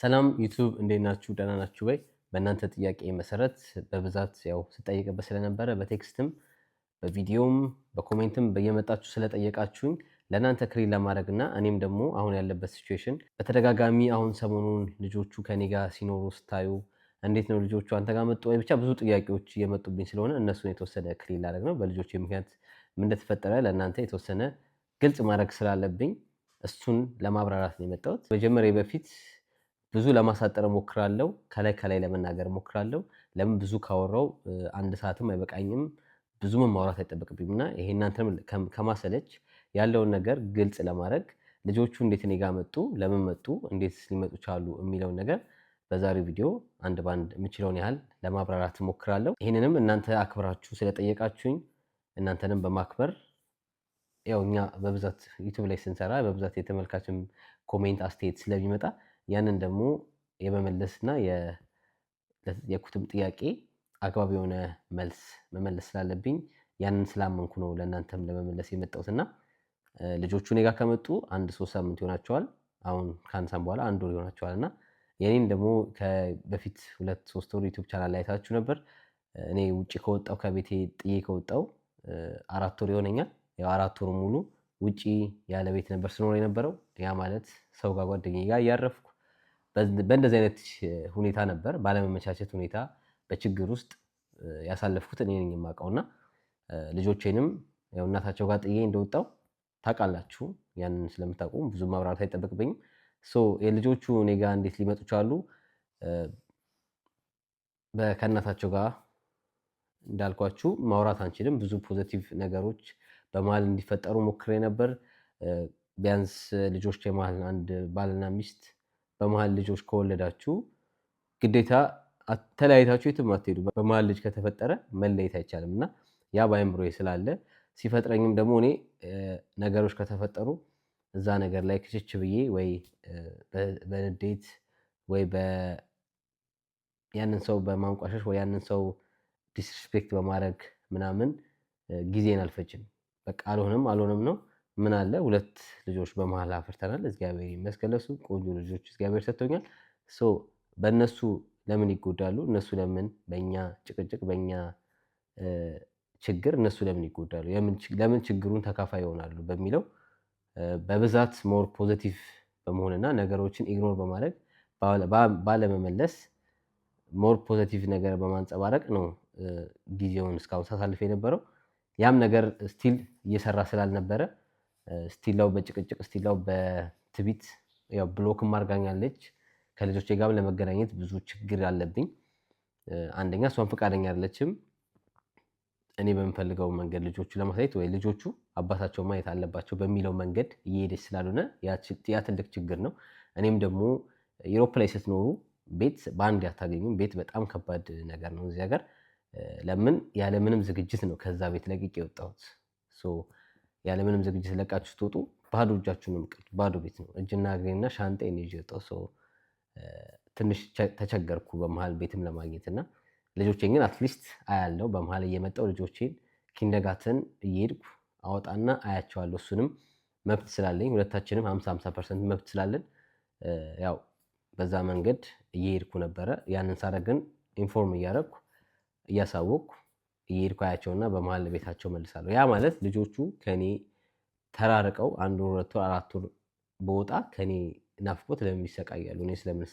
ሰላም ዩቱብ እንዴት ናችሁ? ደህና ናችሁ ወይ? በእናንተ ጥያቄ መሰረት በብዛት ያው ስጠይቅበት ስለነበረ በቴክስትም በቪዲዮም በኮሜንትም በየመጣችሁ ስለጠየቃችሁኝ ለእናንተ ክሊል ለማድረግ እና እኔም ደግሞ አሁን ያለበት ሲዌሽን በተደጋጋሚ አሁን ሰሞኑን ልጆቹ ከኔ ጋር ሲኖሩ ስታዩ እንዴት ነው ልጆቹ አንተ ጋር መጡ ወይ ብቻ ብዙ ጥያቄዎች እየመጡብኝ ስለሆነ እነሱን የተወሰነ ክሪል ላደርግ ነው። በልጆች ምክንያት ምን እንደተፈጠረ ለእናንተ የተወሰነ ግልጽ ማድረግ ስላለብኝ እሱን ለማብራራት ነው የመጣሁት። መጀመሪያ በፊት ብዙ ለማሳጠር ሞክራለው። ከላይ ከላይ ለመናገር ሞክራለው። ለምን ብዙ ካወራው አንድ ሰዓትም አይበቃኝም፣ ብዙም ማውራት አይጠበቅብኝም እና ይሄ እናንተንም ከማሰለች ያለውን ነገር ግልጽ ለማድረግ ልጆቹ እንዴት እኔ መጡ፣ ለምን መጡ፣ እንዴት ሊመጡ ቻሉ የሚለውን ነገር በዛሬው ቪዲዮ አንድ ባንድ የምችለውን ያህል ለማብራራት ሞክራለሁ። ይህንንም እናንተ አክብራችሁ ስለጠየቃችሁኝ እናንተንም በማክበር ያው እኛ በብዛት ዩቱብ ላይ ስንሰራ በብዛት የተመልካችን ኮሜንት አስተያየት ስለሚመጣ ያንን ደግሞ የመመለስና የኩትም ጥያቄ አግባብ የሆነ መልስ መመለስ ስላለብኝ ያንን ስላመንኩ ነው ለእናንተም ለመመለስ የመጣሁትና ልጆቹ እኔ ጋር ከመጡ አንድ ሶስት ሳምንት ይሆናቸዋል። አሁን ከአንሳም በኋላ አንድ ወር ይሆናቸዋል እና የኔን ደግሞ በፊት ሁለት ሶስት ወር ዩቱብ ቻናል ላይ አይታችሁ ነበር። እኔ ውጭ ከወጣው ከቤቴ ጥዬ ከወጣው አራት ወር ይሆነኛል። ያው አራት ወር ሙሉ ውጪ ያለ ቤት ነበር ስኖር የነበረው። ያ ማለት ሰው ጋር ጓደኛ ጋር እያረፍኩ በእንደዚህ አይነት ሁኔታ ነበር፣ ባለመመቻቸት ሁኔታ በችግር ውስጥ ያሳለፍኩት እኔ ነኝ የማውቀው እና ልጆቼንም ያው እናታቸው ጋር ጥዬ እንደወጣው ታውቃላችሁ። ያንን ስለምታውቁ ብዙ ማብራራት አይጠበቅብኝም። የልጆቹ እኔ ጋር እንዴት ሊመጡ ቻሉ? ከእናታቸው ጋር እንዳልኳችሁ ማውራት አንችልም። ብዙ ፖዘቲቭ ነገሮች በመሀል እንዲፈጠሩ ሞክሬ ነበር። ቢያንስ ልጆች የመሀል አንድ ባልና ሚስት በመሀል ልጆች ከወለዳችሁ ግዴታ ተለያይታችሁ የትም አትሄዱ። በመሀል ልጅ ከተፈጠረ መለየት አይቻልም እና ያ በአይምሮ ስላለ ሲፈጥረኝም ደግሞ እኔ ነገሮች ከተፈጠሩ እዛ ነገር ላይ ክችች ብዬ ወይ በንዴት ወይ ያንን ሰው በማንቋሸሽ ወይ ያንን ሰው ዲስሪስፔክት በማድረግ ምናምን ጊዜን አልፈጅም። በቃ አልሆንም አልሆንም ነው። ምን አለ ሁለት ልጆች በመሀል አፍርተናል። እግዚአብሔር ይመስገን ለሱ ቆንጆ ልጆች እግዚአብሔር ሰጥቶኛል። በእነሱ ለምን ይጎዳሉ? እነሱ ለምን በእኛ ጭቅጭቅ፣ በእኛ ችግር እነሱ ለምን ይጎዳሉ? ለምን ችግሩን ተካፋይ ይሆናሉ? በሚለው በብዛት ሞር ፖዘቲቭ በመሆንና ነገሮችን ኢግኖር በማድረግ ባለመመለስ ሞር ፖዘቲቭ ነገር በማንጸባረቅ ነው ጊዜውን እስካሁን ሳሳልፍ የነበረው። ያም ነገር ስቲል እየሰራ ስላልነበረ ስቲላው በጭቅጭቅ ስቲላው በትቢት ብሎክም አርጋኛለች። ከልጆቼ ጋር ለመገናኘት ብዙ ችግር አለብኝ። አንደኛ እሷን ፈቃደኛ አይደለችም። እኔ በምፈልገው መንገድ ልጆቹ ለማሳየት ወይ ልጆቹ አባታቸው ማየት አለባቸው በሚለው መንገድ እየሄደች ስላልሆነ ያ ትልቅ ችግር ነው። እኔም ደግሞ ዩሮፕ ላይ ስትኖሩ ቤት በአንድ አታገኙም። ቤት በጣም ከባድ ነገር ነው እዚህ ሀገር። ለምን ያለምንም ዝግጅት ነው ከዛ ቤት ለቅቄ የወጣሁት። ያለምንም ዝግጅት ለቃችሁ ስትወጡ ባዶ እጃችሁ ነው የምቀር ባዶ ቤት ነው። እጅና እግሬና ሻንጣዬን ይዤ ወጣሁ። ሰው ትንሽ ተቸገርኩ በመሀል ቤትም ለማግኘት እና ልጆቼን ግን አትሊስት አያለው። በመሀል እየመጣው ልጆቼን ኪንደጋትን እየሄድኩ አወጣና አያቸዋለሁ። እሱንም መብት ስላለኝ ሁለታችንም ሀምሳ ሀምሳ ፐርሰንት መብት ስላለን ያው በዛ መንገድ እየሄድኩ ነበረ። ያንን ሳረግን ኢንፎርም እያረግኩ እያሳወቅኩ እየሄድኩ አያቸውና በመሀል ቤታቸው መልሳለሁ። ያ ማለት ልጆቹ ከኔ ተራርቀው አንድ ወር ሁለት ወር አራት ወር በወጣ ከኔ ናፍቆት ለምን ይሰቃያሉ? እኔ ስለምን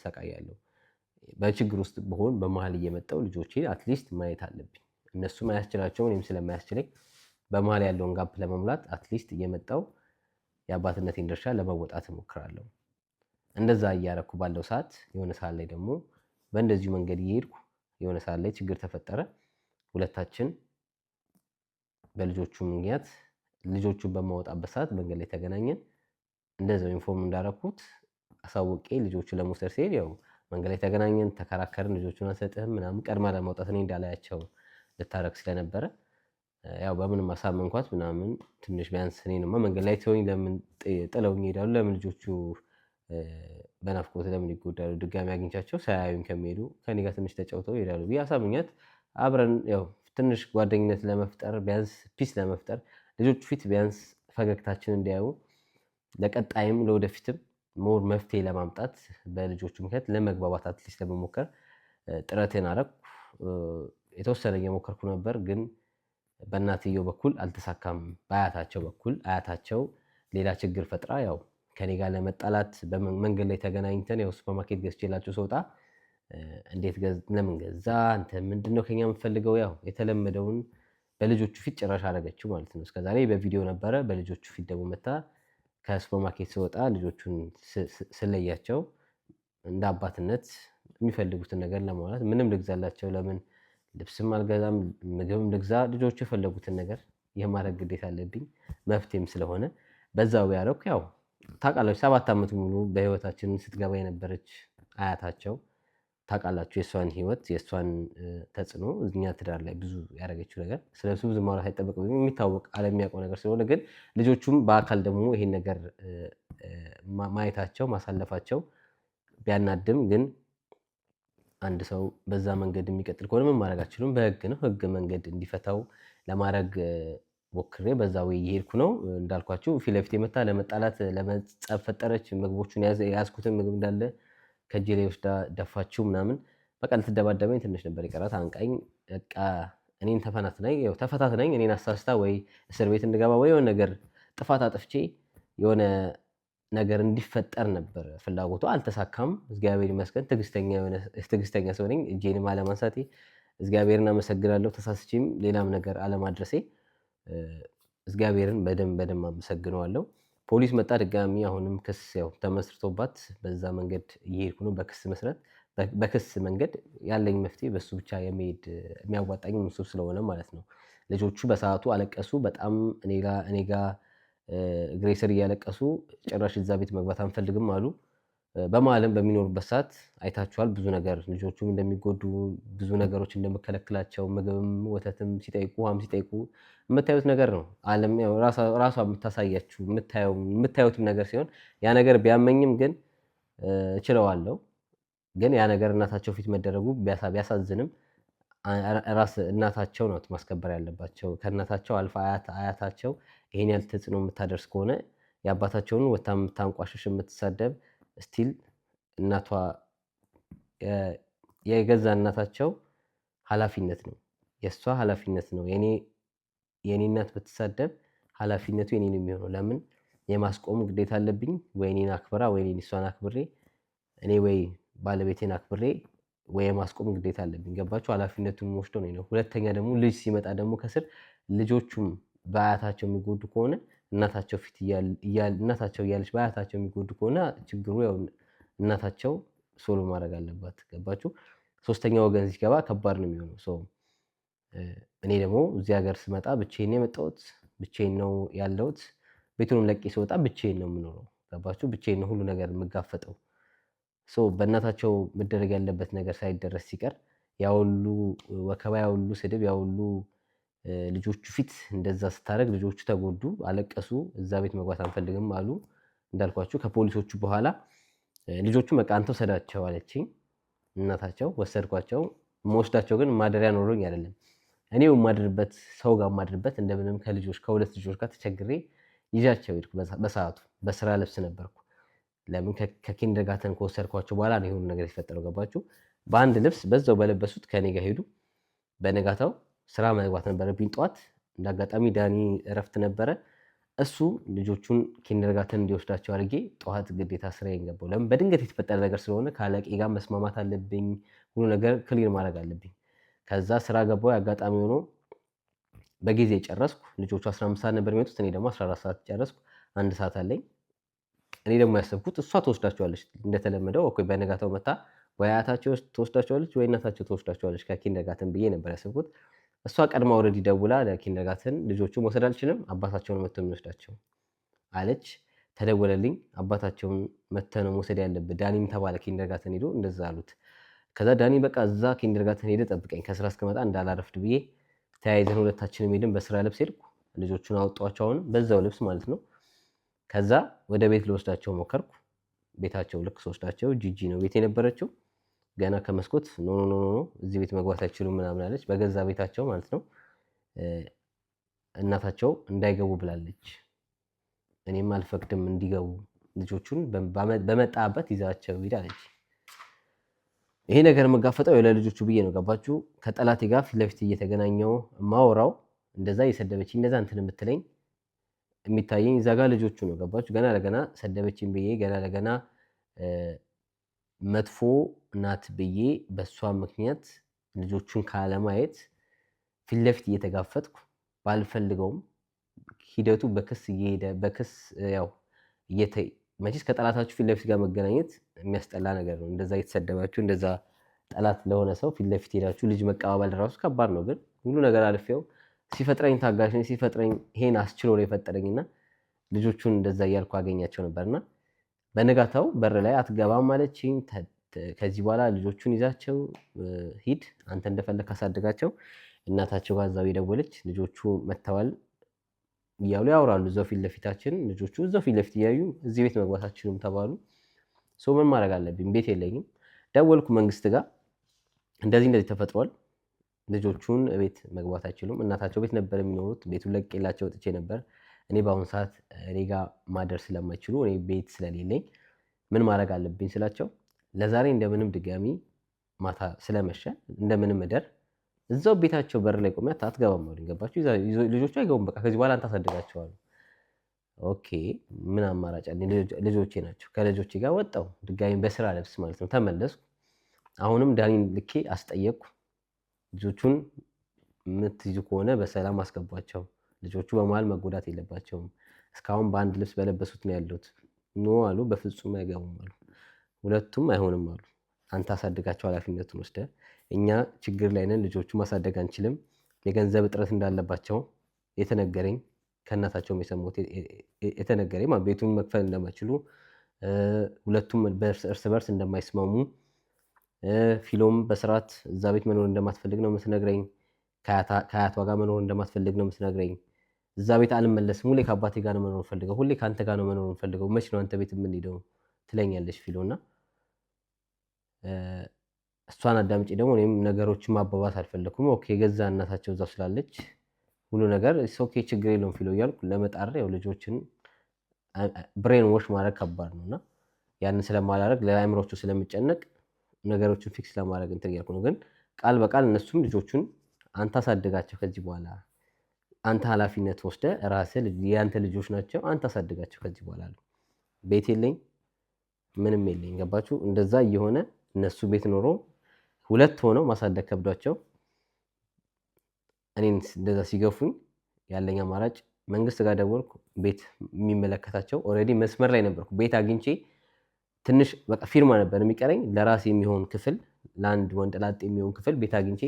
በችግር ውስጥ በሆን በመሀል እየመጣው ልጆቼን አትሊስት ማየት አለብኝ። እነሱ አያስችላቸው እኔም ስለማያስችለኝ በመሀል ያለውን ጋፕ ለመሙላት አትሊስት እየመጣው የአባትነቴን ድርሻ ለመወጣት እሞክራለሁ። እንደዛ እያረኩ ባለው ሰዓት የሆነ ሰዓት ላይ ደግሞ በእንደዚሁ መንገድ እየሄድኩ የሆነ ሰዓት ላይ ችግር ተፈጠረ። ሁለታችን በልጆቹ ምክንያት ልጆቹን በማወጣበት ሰዓት መንገድ ላይ ተገናኘን። እንደዚያው ኢንፎርም እንዳረኩት አሳውቄ ልጆቹ ለመውሰድ ሲሄድ ያው መንገድ ላይ ተገናኘን፣ ተከራከርን። ልጆቹን አንሰጥህም ምናምን ቀድማ ለማውጣት እኔ እንዳላያቸው ልታረግ ስለነበረ ያው በምንም አሳመንኳት ምናምን ትንሽ ቢያንስ እኔንማ መንገድ ላይ ተወኝ፣ ለምን ጥለውኝ ይሄዳሉ? ለምን ልጆቹ በናፍቆት ለምን ይጎዳሉ? ድጋሚ አግኝቻቸው ሳያዩኝ ከሚሄዱ ከኔ ጋር ትንሽ ተጫውተው ይሄዳሉ ብዬ አሳምኛት አብረን ያው ትንሽ ጓደኝነት ለመፍጠር ቢያንስ ፒስ ለመፍጠር ልጆች ፊት ቢያንስ ፈገግታችን እንዲያዩ ለቀጣይም ለወደፊትም ሞር መፍትሄ ለማምጣት በልጆቹ ምክንያት ለመግባባት አትሊስት ለመሞከር ጥረቴን አረኩ። የተወሰነ እየሞከርኩ ነበር፣ ግን በእናትየው በኩል አልተሳካም። በአያታቸው በኩል አያታቸው ሌላ ችግር ፈጥራ ያው ከኔ ጋር ለመጣላት መንገድ ላይ ተገናኝተን ያው ሱፐርማርኬት ገዝቼላቸው ሰውጣ እንዴት ለምን ገዛ አንተ ምንድነው ከኛ የምትፈልገው? ያው የተለመደውን በልጆቹ ፊት ጭራሽ አደረገችው ማለት ነው። እስከዛሬ በቪዲዮ ነበረ። በልጆቹ ፊት ደግሞ መታ ከሱፐርማርኬት ስወጣ ልጆቹን ስለያቸው እንደ አባትነት የሚፈልጉትን ነገር ለማውላት ምንም ልግዛላቸው ለምን ልብስም አልገዛም ምግብም ልግዛ፣ ልጆቹ የፈለጉትን ነገር የማድረግ ግዴታ አለብኝ መፍትሄም ስለሆነ በዛው ያደረኩ። ያው ታውቃለች፣ ሰባት ዓመት ሙሉ በህይወታችን ስትገባ የነበረች አያታቸው ታውቃላችሁ የእሷን ህይወት የእሷን ተጽዕኖ እኛ ትዳር ላይ ብዙ ያደረገችው ነገር ስለሱ ብዙ ማውራት አይጠበቅ የሚታወቅ አለሚያውቀው ነገር ስለሆነ ግን ልጆቹም በአካል ደግሞ ይሄን ነገር ማየታቸው ማሳለፋቸው ቢያናድም ግን አንድ ሰው በዛ መንገድ የሚቀጥል ከሆነ ምን ማድረግ አችሉም። በህግ ነው ህግ መንገድ እንዲፈታው ለማድረግ ሞክሬ በዛ ወይ እየሄድኩ ነው እንዳልኳችሁ ፊት ለፊት የመታ ለመጣላት ለመጸብ ፈጠረች ምግቦቹን ያዝኩትን ምግብ እንዳለ ከእጄ ላይ ወስዳ ደፋችው ምናምን በቃ ልትደባደበኝ ትንሽ ነበር የቀራት። አንቃኝ በቃ እኔን ተፈናትናኝ ተፈታትናኝ እኔን አሳስታ ወይ እስር ቤት እንድገባ ወይ የሆነ ነገር ጥፋት አጥፍቼ የሆነ ነገር እንዲፈጠር ነበር ፍላጎቱ። አልተሳካም። እግዚአብሔር ይመስገን። ትዕግስተኛ ሰው ነኝ። እጄንም አለማንሳቴ እግዚአብሔርን አመሰግናለሁ። ተሳስቼም ሌላም ነገር አለማድረሴ እግዚአብሔርን በደንብ በደንብ አመሰግነዋለሁ። ፖሊስ መጣ ድጋሚ አሁንም ክስ ያው ተመስርቶባት በዛ መንገድ እየሄድኩ ነው። በክስ መስረት በክስ መንገድ ያለኝ መፍትሄ በሱ ብቻ የሚሄድ የሚያዋጣኝ ምሱ ስለሆነ ማለት ነው። ልጆቹ በሰዓቱ አለቀሱ በጣም እኔጋ ጋ እያለቀሱ ጭራሽ እዛ ቤት መግባት አንፈልግም አሉ። በማለም በሚኖሩበት ሰዓት አይታችኋል። ብዙ ነገር ልጆቹም እንደሚጎዱ ብዙ ነገሮች እንደምከለክላቸው ምግብም ወተትም ሲጠይቁ ውሃም ሲጠይቁ የምታዩት ነገር ነው። ዓለም ራሷ የምታሳያችሁ የምታዩትም ነገር ሲሆን ያ ነገር ቢያመኝም ግን እችለዋለሁ። ግን ያ ነገር እናታቸው ፊት መደረጉ ቢያሳዝንም ራስ እናታቸው ናት ማስከበር ያለባቸው። ከእናታቸው አልፋ አያታቸው ይሄን ያህል ተጽዕኖ የምታደርስ ከሆነ የአባታቸውን ወታ የምታንቋሽሽ የምትሳደብ ስቲል እናቷ የገዛ እናታቸው ኃላፊነት ነው የእሷ ኃላፊነት ነው። የእኔ እናት ብትሳደብ ኃላፊነቱ የኔ ነው የሚሆነው። ለምን የማስቆም ግዴታ አለብኝ። ወይ እኔን አክብራ ወይ እሷን አክብሬ እኔ ወይ ባለቤቴን አክብሬ ወይ የማስቆም ግዴታ አለብኝ። ገባችሁ? ኃላፊነቱን ወስዶ ነው። ሁለተኛ ደግሞ ልጅ ሲመጣ ደግሞ ከስር ልጆቹም በአያታቸው የሚጎዱ ከሆነ እናታቸው ፊት እናታቸው እያለች በአያታቸው የሚጎዱ ከሆነ ችግሩ ያው እናታቸው ሶሎ ማድረግ አለባት። ገባችሁ? ሶስተኛ ወገን ሲገባ ከባድ ነው የሚሆነው። ሰው እኔ ደግሞ እዚህ ሀገር ስመጣ ብቼን ነው የመጣሁት፣ ብቼን ነው ያለሁት። ቤቱንም ለቄ ስወጣ ብቼን ነው የምኖረው። ገባችሁ? ብቼን ነው ሁሉ ነገር የምጋፈጠው። በእናታቸው መደረግ ያለበት ነገር ሳይደረስ ሲቀር ያሁሉ ወከባ፣ ያሁሉ ስድብ፣ ያሁሉ ልጆቹ ፊት እንደዛ ስታደርግ ልጆቹ ተጎዱ፣ አለቀሱ፣ እዛ ቤት መግባት አንፈልግም አሉ። እንዳልኳቸው ከፖሊሶቹ በኋላ ልጆቹ መቃንተ አንተ አለችኝ እናታቸው። ወሰድኳቸው። መወስዳቸው ግን ማደሪያ ኖሮኝ አይደለም እኔ የማድርበት ሰው ጋር ማድርበት እንደምንም ከልጆች ከሁለት ልጆች ጋር ተቸግሬ ይዣቸው ሄድኩ። በሰዓቱ በስራ ልብስ ነበርኩ። ለምን ከኪንደርጋተን ከወሰድኳቸው በኋላ የሆኑ ነገር የተፈጠረው ገባችሁ። በአንድ ልብስ በዛው በለበሱት ከኔ ጋር ሄዱ በነጋታው ስራ መግባት ነበረብኝ ጠዋት። እንደ አጋጣሚ ዳኒ እረፍት ነበረ። እሱ ልጆቹን ኪንደርጋተን እንዲወስዳቸው አድርጌ ጠዋት ግዴታ ስራ ገባሁ። ለምን በድንገት የተፈጠረ ነገር ስለሆነ ከአለቄ ጋር መስማማት አለብኝ፣ ሁሉ ነገር ክሊር ማድረግ አለብኝ። ከዛ ስራ ገባ አጋጣሚ ሆኖ በጊዜ ጨረስኩ። ልጆቹ 15 ሰዓት ነበር የሚመጡት፣ እኔ ደግሞ 14 ሰዓት ጨረስኩ። አንድ ሰዓት አለኝ። እኔ ደግሞ ያሰብኩት እሷ ትወስዳቸዋለች እንደተለመደው እኮ በነጋታው መታ ወይ አያታቸው ትወስዳቸዋለች ወይ እናታቸው ትወስዳቸዋለች ከኪንደርጋተን ብዬ ነበር ያሰብኩት። እሷ ቀድማ ወረድ ይደውላ ለኪንደርጋርተን ልጆቹ መውሰድ አልችልም፣ አባታቸውን መተ የሚወስዳቸው አለች። ተደወለልኝ። አባታቸውን መጥተህ ነው መውሰድ ያለብህ ዳኒም ተባለ። ኪንደርጋርተን ሄዶ እንደዛ አሉት። ከዛ ዳኒ በቃ እዛ ኪንደርጋርተን ሄደ፣ ጠብቀኝ፣ ከስራ እስክመጣ እንዳላረፍድ ብዬ ተያይዘን ሁለታችን ሄድን። በስራ ልብስ ሄድኩ። ልጆቹን አወጧቸው፣ አሁንም በዛው ልብስ ማለት ነው። ከዛ ወደ ቤት ልወስዳቸው ሞከርኩ። ቤታቸው ልክ ስወስዳቸው ጂጂ ነው ቤት የነበረችው። ገና ከመስኮት ኖ ኖ ኖ እዚህ ቤት መግባት አይችሉም ምናምን አለች። በገዛ ቤታቸው ማለት ነው። እናታቸው እንዳይገቡ ብላለች። እኔም አልፈቅድም እንዲገቡ ልጆቹን በመጣበት ይዛቸው ሂድ አለች። ይሄ ነገር መጋፈጠው ለልጆቹ ብዬ ነው። ገባችሁ? ከጠላቴ ጋር ፊት ለፊት እየተገናኘው ማወራው እንደዛ እየሰደበችኝ እንደዛ እንትን የምትለኝ የሚታየኝ እዛ ጋር ልጆቹ ነው። ገባችሁ? ገና ለገና ሰደበችኝ ብዬ ገና ለገና መጥፎ ናት ብዬ በእሷ ምክንያት ልጆቹን ካለማየት ፊት ለፊት እየተጋፈጥኩ ባልፈልገውም ሂደቱ በክስ እየሄደ በክስ ያው መቼስ ከጠላታችሁ ፊት ለፊት ጋር መገናኘት የሚያስጠላ ነገር ነው። እንደዛ እየተሰደባችሁ እንደዛ ጠላት ለሆነ ሰው ፊት ለፊት ሄዳችሁ ልጅ መቀባበል ራሱ ከባድ ነው። ግን ሁሉ ነገር አልፌው ሲፈጥረኝ ታጋሽ ሲፈጥረኝ ይሄን አስችሎ ነው የፈጠረኝና ልጆቹን እንደዛ እያልኩ አገኛቸው ነበርና በንጋታው በር ላይ አትገባም አለችኝ። ከዚህ በኋላ ልጆቹን ይዛቸው ሂድ፣ አንተ እንደፈለግ ካሳድጋቸው። እናታቸው ጋር እዛው የደወለች ልጆቹ መጥተዋል እያሉ ያወራሉ። እዛው ፊት ለፊታችን ልጆቹ እዛው ፊት ለፊት እያዩ እዚህ ቤት መግባታችንም ተባሉ። ሰው ምን ማድረግ አለብኝ? ቤት የለኝም። ደወልኩ መንግስት ጋር እንደዚህ እንደዚህ ተፈጥሯል፣ ልጆቹን ቤት መግባት አይችሉም። እናታቸው ቤት ነበር የሚኖሩት። ቤቱን ለቅቄላቸው ወጥቼ ነበር። እኔ በአሁኑ ሰዓት እኔ ጋ ማደር ስለማይችሉ እኔ ቤት ስለሌለኝ ምን ማድረግ አለብኝ ስላቸው ለዛሬ እንደምንም ድጋሚ ማታ ስለመሸ እንደምንም እደር እዛው ቤታቸው በር ላይ ቆሚ አትገባም አሉኝ። ገባችሁ? ልጆቹ አይገቡም፣ በቃ ከዚህ በኋላ አንተ ኦኬ ምን አማራጭ አለኝ? ልጆቼ ናቸው። ከልጆቼ ጋር ወጣው ድጋሚ በስራ ልብስ ማለት ነው። ተመለስኩ። አሁንም ዳኒን ልኬ አስጠየቅኩ። ልጆቹን የምትይዙ ከሆነ በሰላም አስገቧቸው ልጆቹ በመሀል መጎዳት የለባቸውም። እስካሁን በአንድ ልብስ በለበሱት ነው ያሉት። ኖ አሉ፣ በፍጹም አይገቡም አሉ። ሁለቱም አይሆንም አሉ። አንተ አሳድጋቸው ኃላፊነቱን ወስደ፣ እኛ ችግር ላይ ነን፣ ልጆቹ ማሳደግ አንችልም። የገንዘብ እጥረት እንዳለባቸው የተነገረኝ ከእናታቸውም የሰሙት የተነገረኝ ቤቱን መክፈል እንደማይችሉ ሁለቱም እርስ በርስ እንደማይስማሙ ፊሎም በስርዓት እዛ ቤት መኖር እንደማትፈልግ ነው የምትነግረኝ። ከአያቷ ጋር መኖር እንደማትፈልግ ነው የምትነግረኝ። እዛ ቤት አልመለስም፣ ሁሌ ከአባቴ ጋር ነው መኖር ፈልገው፣ ሁሌ ከአንተ ጋር ነው መኖር ፈልገው፣ መች ነው አንተ ቤት የምንሄደው ትለኛለች ፊሎ እና እሷን አዳምጪ ደግሞ እኔም ነገሮችን ማባባት አልፈለኩም። ኦኬ ገዛ እናታቸው እዛ ስላለች ሁሉ ነገር ኦኬ ችግር የለውም ፊሎ እያልኩ ለመጣር ያው ልጆችን ብሬን ዎሽ ማድረግ ከባድ ነው እና ያንን ስለማላረግ ለአእምሮቹ ስለምጨነቅ ነገሮችን ፊክስ ለማድረግ እንትን እያልኩ ነው። ግን ቃል በቃል እነሱም ልጆቹን አንተ አሳድጋቸው ከዚህ በኋላ አንተ ኃላፊነት ወስደ ራስ የአንተ ልጆች ናቸው፣ አንተ አሳድጋቸው። ከዚህ በኋላ ቤት የለኝ ምንም የለኝ ገባችሁ? እንደዛ እየሆነ እነሱ ቤት ኖሮ ሁለት ሆነው ማሳደግ ከብዷቸው እኔን እንደዛ ሲገፉኝ ያለኝ አማራጭ መንግስት ጋር ደወልኩ። ቤት የሚመለከታቸው ኦልሬዲ መስመር ላይ ነበርኩ። ቤት አግኝቼ ትንሽ በቃ ፊርማ ነበር የሚቀረኝ ለራስ የሚሆን ክፍል፣ ለአንድ ወንድ ላጤ የሚሆን ክፍል ቤት አግኝቼ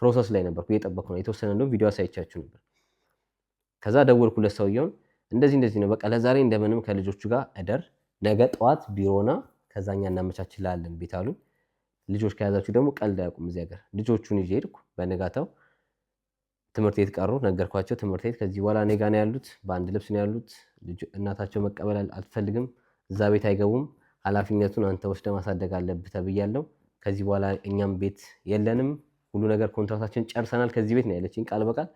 ፕሮሰስ ላይ ነበርኩ፣ እየጠበቅኩ ነው። የተወሰነ እንደውም ቪዲዮ አሳይቻችሁ ነበር። ከዛ ደወልኩለት ሰውየውን እንደዚህ እንደዚህ ነው በቃ ለዛሬ እንደምንም ከልጆቹ ጋር እደር፣ ነገ ጠዋት ቢሮና ከዛኛ እናመቻችላለን ቤት አሉኝ። ልጆች ከያዛችሁ ደግሞ ቀልድ አያውቁም እዚህ ሀገር። ልጆቹን ይዤ ሄድኩ። በነጋታው ትምህርት ቤት ቀሩ። ነገርኳቸው፣ ትምህርት ቤት ከዚህ በኋላ እኔ ጋ ነው ያሉት፣ በአንድ ልብስ ነው ያሉት። እናታቸው መቀበል አትፈልግም፣ እዛ ቤት አይገቡም፣ ኃላፊነቱን አንተ ወስደ ማሳደግ አለብህ ተብያለው ከዚህ በኋላ እኛም ቤት የለንም፣ ሁሉ ነገር ኮንትራታችን ጨርሰናል፣ ከዚህ ቤት ነው ያለችኝ ቃል በቃል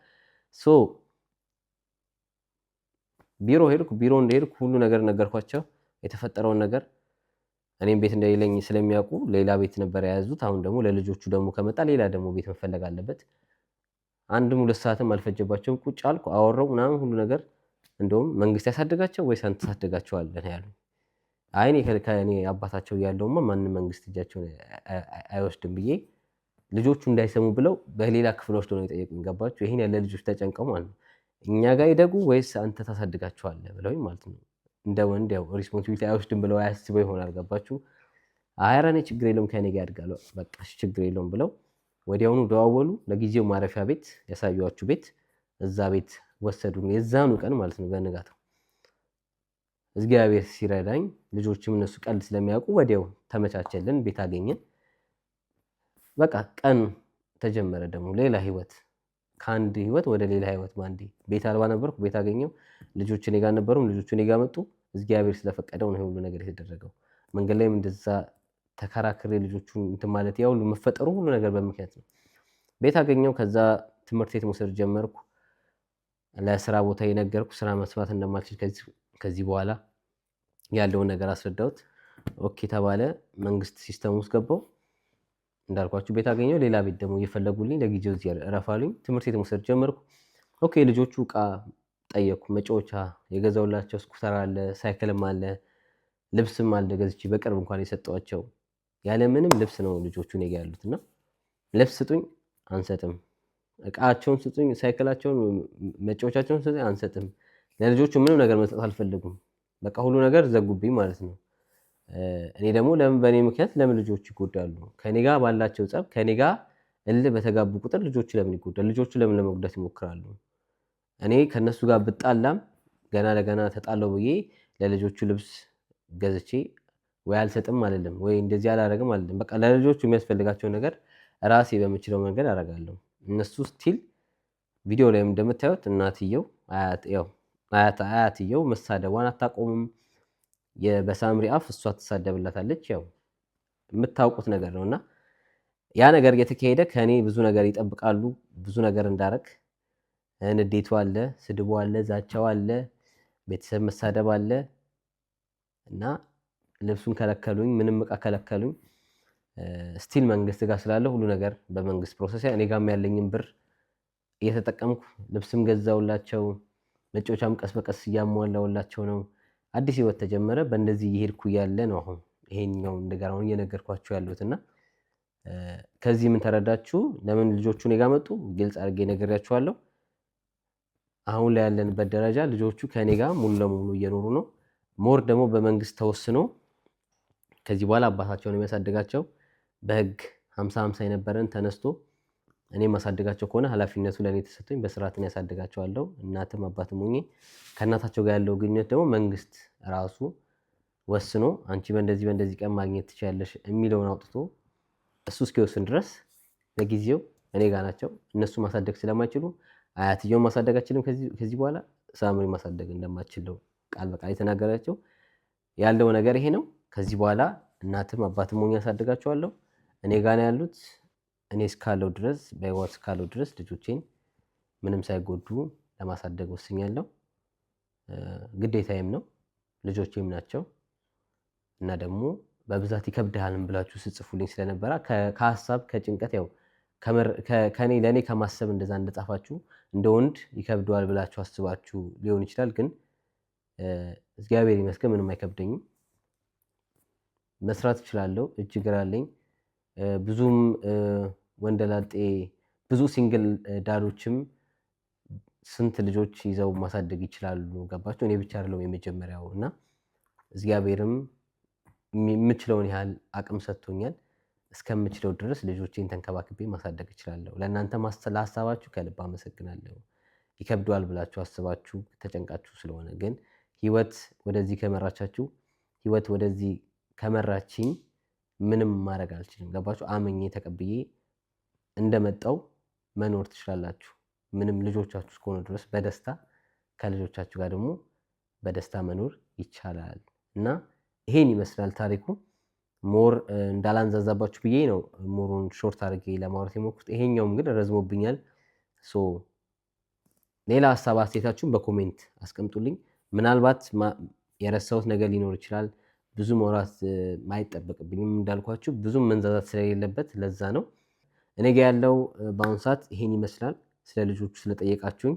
ቢሮ ሄድኩ። ቢሮ እንደሄድኩ ሁሉ ነገር ነገርኳቸው፣ የተፈጠረውን ነገር እኔም ቤት እንደሌለኝ ስለሚያውቁ ሌላ ቤት ነበር የያዙት። አሁን ደግሞ ለልጆቹ ደግሞ ከመጣ ሌላ ደግሞ ቤት መፈለግ አለበት። አንድም ሁለት ሰዓትም አልፈጀባቸውም። ቁጭ አልኩ፣ አወራው ምናምን ሁሉ ነገር። እንደውም መንግስት ያሳድጋቸው ወይስ አንተ ታሳድጋቸዋለህ ያሉ። አይ ከእኔ አባታቸው እያለሁማ ማንም መንግስት እጃቸውን አይወስድም ብዬ ልጆቹ እንዳይሰሙ ብለው በሌላ ክፍል ወስደው ነው የጠየቁኝ። ገባችሁ? ይህን ያለ ልጆች ተጨንቀው ማለት ነው። እኛ ጋር ይደጉ ወይስ አንተ ታሳድጋቸዋለህ ብለውኝ ማለት ነው። እንደ ወንድ ያው ሪስፖንሲቢሊቲ አይወስድም ብለው አያስበው ይሆናል። ገባችሁ? አረ እኔ ችግር የለውም ከኔ ጋር ያድጋል፣ በቃ ችግር የለውም ብለው ወዲያውኑ ደዋወሉ። ለጊዜው ማረፊያ ቤት ያሳዩዋችሁ ቤት እዛ ቤት ወሰዱ። የዛኑ ቀን ማለት ነው በንጋታው እግዚአብሔር ሲረዳኝ ልጆችም እነሱ ቀልድ ስለሚያውቁ ወዲያው ተመቻቸልን፣ ቤት አገኘን። በቃ ቀን ተጀመረ ደግሞ ሌላ ህይወት ከአንድ ህይወት ወደ ሌላ ህይወት በአንዴ ቤት አልባ ነበርኩ፣ ቤት አገኘው። ልጆች እኔ ጋር ነበሩም፣ ልጆቹ እኔ ጋር መጡ። እግዚአብሔር ስለፈቀደው ነው ሁሉ ነገር የተደረገው። መንገድ ላይም እንደዛ ተከራክሬ ልጆቹን እንትን ማለት ያው መፈጠሩ ሁሉ ነገር በምክንያት ነው። ቤት አገኘው። ከዛ ትምህርት ቤት መውሰድ ጀመርኩ። ለስራ ቦታ የነገርኩ ስራ መስራት እንደማልችል ከዚህ በኋላ ያለውን ነገር አስረዳሁት። ኦኬ ተባለ። መንግስት ሲስተም ውስጥ ገባው። እንዳልኳችሁ ቤት አገኘው፣ ሌላ ቤት ደግሞ እየፈለጉልኝ፣ ለጊዜው እዚህ እረፋሉኝ። ትምህርት ቤት መውሰድ ጀመርኩ። ኦኬ ልጆቹ እቃ ጠየኩ፣ መጫወቻ የገዛውላቸው ስኩተር አለ፣ ሳይክልም አለ፣ ልብስም አለ። ገዝቼ በቅርብ እንኳን የሰጠዋቸው ያለምንም ልብስ ነው ልጆቹ እኔ ጋ ያሉት እና ልብስ ስጡኝ አንሰጥም፣ እቃቸውን ስጡኝ፣ ሳይክላቸውን፣ መጫወቻቸውን ስጡኝ አንሰጥም። ለልጆቹ ምንም ነገር መስጠት አልፈልጉም። በቃ ሁሉ ነገር ዘጉብኝ ማለት ነው። እኔ ደግሞ ለምን በእኔ ምክንያት ለምን ልጆች ይጎዳሉ? ከኔ ጋር ባላቸው ጸብ፣ ከኔ ጋር እልህ በተጋቡ ቁጥር ልጆቹ ለምን ይጎዳሉ? ልጆቹ ለምን ለመጉዳት ይሞክራሉ? እኔ ከእነሱ ጋር ብጣላም ገና ለገና ተጣለው ብዬ ለልጆቹ ልብስ ገዝቼ ወይ አልሰጥም አልልም፣ ወይ እንደዚህ አላረግም አልልም። በቃ ለልጆቹ የሚያስፈልጋቸው ነገር ራሴ በምችለው መንገድ አረጋለሁ። እነሱ ስቲል ቪዲዮ ላይም እንደምታዩት እናትየው አያትየው መሳደቧን አታቆምም። በሳምሪ አፍ እሷ ትሳደብላታለች። ያው የምታውቁት ነገር ነው እና ያ ነገር የተካሄደ ከእኔ ብዙ ነገር ይጠብቃሉ። ብዙ ነገር እንዳረግ ንዴቱ አለ፣ ስድቡ አለ፣ ዛቻው አለ፣ ቤተሰብ መሳደብ አለ እና ልብሱን ከለከሉኝ፣ ምንም እቃ ከለከሉኝ። ስቲል መንግስት ጋር ስላለ ሁሉ ነገር በመንግስት ፕሮሰስ፣ እኔ ጋም ያለኝም ብር እየተጠቀምኩ ልብስም ገዛውላቸው፣ መጫወቻም ቀስ በቀስ እያሟላውላቸው ነው። አዲስ ህይወት ተጀመረ። በእንደዚህ እየሄድኩ ያለ ነው አሁን ይሄኛው ነገር አሁን እየነገርኳችሁ ያሉት እና ከዚህ ምን ተረዳችሁ? ለምን ልጆቹ እኔ ጋ መጡ? ግልጽ አድርጌ ነገርያችኋለሁ። አሁን ላይ ያለንበት ደረጃ ልጆቹ ከእኔ ጋር ሙሉ ለሙሉ እየኖሩ ነው። ሞር ደግሞ በመንግስት ተወስኖ ከዚህ በኋላ አባታቸውን የሚያሳድጋቸው በህግ ሀምሳ ሀምሳ የነበረን ተነስቶ እኔ ማሳደጋቸው ከሆነ ኃላፊነቱ ለእኔ ተሰጥቶኝ በስርዓትን ያሳደጋቸዋለው እናትም አባትም ሆኜ ከእናታቸው ጋር ያለው ግንኙነት ደግሞ መንግስት ራሱ ወስኖ አንቺ በእንደዚህ በእንደዚህ ቀን ማግኘት ትችያለሽ የሚለውን አውጥቶ እሱ እስኪወስን ድረስ ለጊዜው እኔ ጋር ናቸው። እነሱ ማሳደግ ስለማይችሉ አያትየውን ማሳደግ አችልም ከዚህ በኋላ ሳምሪ ማሳደግ እንደማችለው ቃል በቃል የተናገራቸው ያለው ነገር ይሄ ነው። ከዚህ በኋላ እናትም አባትም ሆኜ ያሳድጋቸዋለሁ። እኔ ጋር ነው ያሉት። እኔ እስካለው ድረስ በህይወት እስካለው ድረስ ልጆቼን ምንም ሳይጎዱ ለማሳደግ ወስኛለሁ። ግዴታዬም ነው፣ ልጆቼም ናቸው እና ደግሞ በብዛት ይከብድሃልም ብላችሁ ስጽፉልኝ ስለነበረ ከሀሳብ ከጭንቀት ያው ከኔ ለእኔ ከማሰብ እንደዛ እንደጻፋችሁ እንደ ወንድ ይከብደዋል ብላችሁ አስባችሁ ሊሆን ይችላል። ግን እግዚአብሔር ይመስገን ምንም አይከብደኝም። መስራት እችላለሁ። እጅ እግር ብዙም ወንደላጤ ብዙ ሲንግል ዳዶችም ስንት ልጆች ይዘው ማሳደግ ይችላሉ። ገባቸው። እኔ ብቻ አለው የመጀመሪያው እና እግዚአብሔርም የምችለውን ያህል አቅም ሰጥቶኛል። እስከምችለው ድረስ ልጆቼን ተንከባክቤ ማሳደግ እችላለሁ። ለእናንተ ለሀሳባችሁ ከልብ አመሰግናለሁ። ይከብደዋል ብላችሁ አስባችሁ ተጨንቃችሁ ስለሆነ ግን ህይወት ወደዚህ ከመራቻችሁ ህይወት ወደዚህ ከመራችኝ ምንም ማድረግ አልችልም። ገባችሁ። አመኜ ተቀብዬ እንደመጣው መኖር ትችላላችሁ። ምንም ልጆቻችሁ እስከሆኑ ድረስ በደስታ ከልጆቻችሁ ጋር ደግሞ በደስታ መኖር ይቻላል እና ይሄን ይመስላል ታሪኩ። ሞር እንዳላንዛዛባችሁ ብዬ ነው ሞሩን ሾርት አድርጌ ለማውራት የሞኩት። ይሄኛውም ግን ረዝሞብኛል። ሌላ ሀሳብ አስተያየታችሁን በኮሜንት አስቀምጡልኝ። ምናልባት የረሳሁት ነገር ሊኖር ይችላል። ብዙ መውራት ማይጠበቅብኝም እንዳልኳችሁ ብዙም መንዛዛት ስለሌለበት ለዛ ነው። እኔ ጋ ያለው በአሁኑ ሰዓት ይሄን ይመስላል። ስለ ልጆቹ ስለጠየቃችሁኝ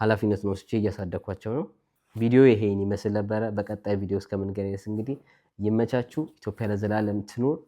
ኃላፊነቱን ወስጄ እያሳደግኳቸው ነው። ቪዲዮ ይሄን ይመስል ነበረ። በቀጣይ ቪዲዮ እስከምንገናኝ እንግዲህ ይመቻችሁ። ኢትዮጵያ ለዘላለም ትኑር።